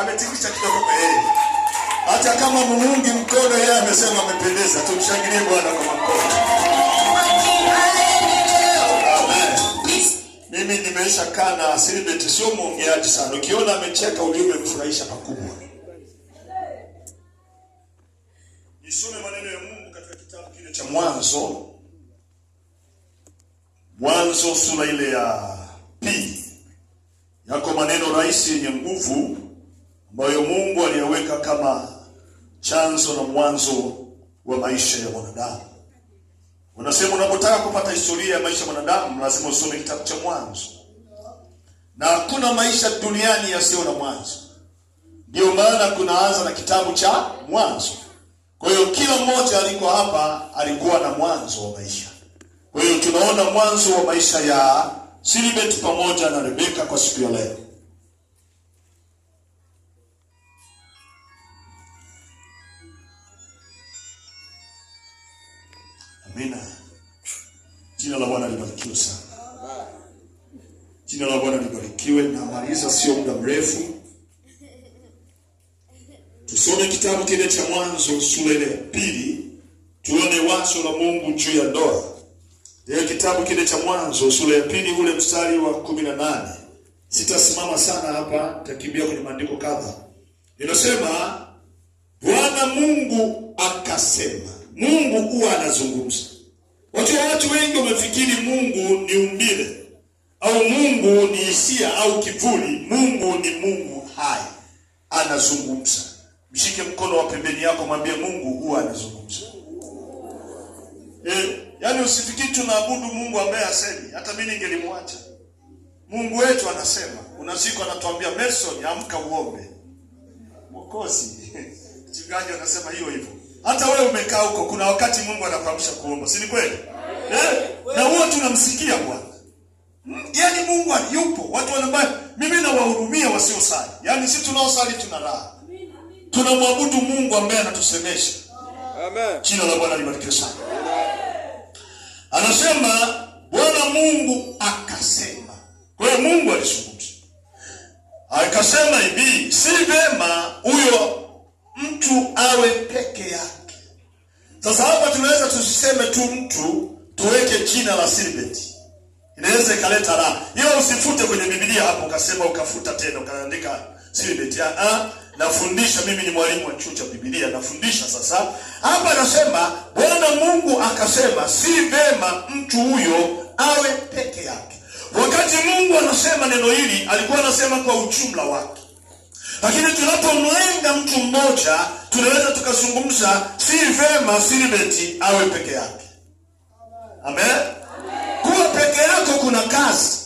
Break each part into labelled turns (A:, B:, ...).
A: ametikisha kidogo mbele. Hata kama muungi mkono, yeye amesema amependeza. Tumshangilie Bwana kwa makofi. Mimi nimeisha kana na Silibeti, sio mwongeaji sana. Ukiona amecheka ujue umemfurahisha pakubwa. Nisome maneno ya Mungu katika kitabu kile cha Mwanzo, Mwanzo sura ile ya pili, yako maneno rahisi yenye nguvu ambayo Mungu aliyeweka kama chanzo na mwanzo wa maisha ya mwanadamu. Unasema unapotaka kupata historia ya maisha ya mwanadamu lazima usome kitabu cha Mwanzo, na hakuna maisha duniani yasiyo na mwanzo. Ndiyo maana kunaanza na kitabu cha Mwanzo. Kwa hiyo kila mmoja aliko hapa alikuwa na mwanzo wa maisha. Kwa hiyo tunaona mwanzo wa maisha ya Silibeti pamoja na Rebeka kwa siku ya leo. Amina. Jina la Bwana libarikiwe sana. Jina la Bwana libarikiwe. Namaliza sio muda mrefu, tusome kitabu kile cha Mwanzo sura ya pili, tuone wazo la Mungu juu ya ndoa. Ndio kitabu kile cha Mwanzo sura ya pili ule mstari wa kumi na nane. Sitasimama sana hapa, nitakimbia kwenye maandiko kadha. Inasema Bwana Mungu akasema Mungu huwa anazungumza. Watu watu wengi wamefikiri Mungu ni umbile au Mungu ni hisia au kivuli. Mungu ni Mungu hai, anazungumza. Mshike mkono wa pembeni yako, mwambie Mungu huwa anazungumza. E, yaani usifikiri tunaabudu Mungu ambaye hasemi. Hata mimi ningelimwacha. Mungu wetu anasema. Kuna siku anatuambia Mason, amka uombe. Mwokozi. Mchungaji anasema hiyo hivyo. Hata wewe umekaa huko, kuna wakati Mungu anakuamsha kuomba, si ni kweli? Eh? Na huwa tunamsikia Bwana. Mm, yaani Mungu yupo. Watu wanabaya, mimi nawahurumia wasiosali. Yaani si tunaosali tuna raha. Tunamwabudu Mungu ambaye anatusemesha. Amen. Jina la Bwana libarikiwe sana. Anasema Bwana Mungu akasema. Kwa hiyo Mungu alizungumza. Akasema hivi, si vema huyo mtu awe peke yake. Sasa hapa tunaweza tusiseme tu mtu tuweke jina la Silbeti, inaweza ikaleta raha hiyo. Usifute kwenye Biblia hapo ukasema ukafuta tena ukaandika Silbeti. ah, nafundisha mimi, ni mwalimu wa chuo cha Biblia, nafundisha. Sasa hapa anasema Bwana Mungu akasema, si vema mtu huyo awe peke yake. Wakati Mungu anasema neno hili, alikuwa anasema kwa ujumla wake lakini tunapomlenga mtu mmoja, tunaweza tukazungumza si vema Silibeti awe peke yake. Amen, amen. Kuwa peke yako kuna kazi,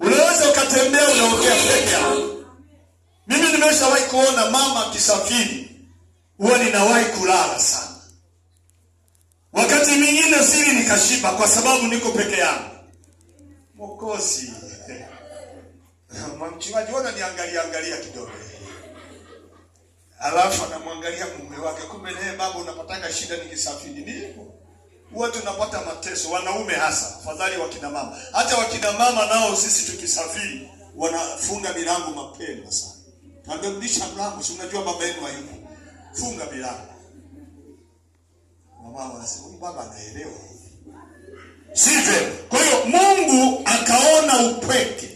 A: unaweza ukatembea unaongea peke yako. Mimi nimeshawahi kuona mama akisafiri, huwa ninawahi kulala sana. Wakati mwingine sili nikashiba kwa sababu niko peke yangu. Mokosi. Mchungaji, wana niangalia angalia kidogo alafu anamwangalia mume wake, kumbe naye baba, unapataka shida nikisafiri. Ni hivyo huwa tunapata mateso, wanaume hasa, afadhali wakina mama. Hata wakina mama nao sisi tukisafiri wanafunga milango mapema sana, amemlisha mlango, si unajua baba yenu hayupo, funga milango. Mama anasema wanasema baba anaelewa, sivyo? Kwa hiyo Mungu akaona upweke,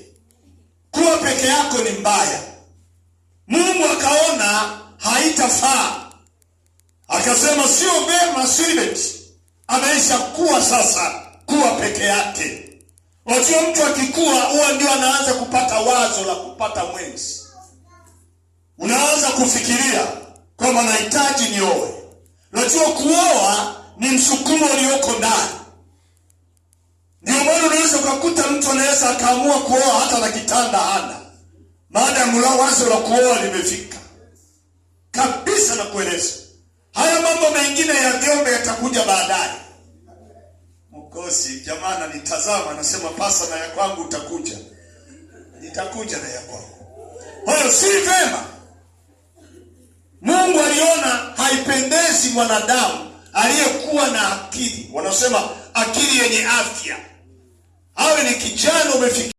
A: kuwa peke yako ni mbaya. Mungu akaona haitafaa. Akasema sio vema Silveti ameisha kuwa sasa kuwa peke yake. Wajua, mtu akikuwa huwa ndio anaanza kupata wazo la kupata mwenzi, unaanza kufikiria kwamba nahitaji nioe. Najua kuoa ni msukumo ulioko ndani, ndio maana unaweza ukakuta mtu anaweza akaamua kuoa hata na kitanda hana, ya mlao wazo la kuoa limefika na kueleza haya mambo mengine ya vyombe yatakuja baadaye. Mkosi jamaa nitazama anasema, pasa na ya kwangu utakuja, nitakuja na ya kwangu. Kwa si vema, Mungu aliona haipendezi mwanadamu aliyekuwa na akili, wanasema akili yenye afya, awe ni kijana umefikia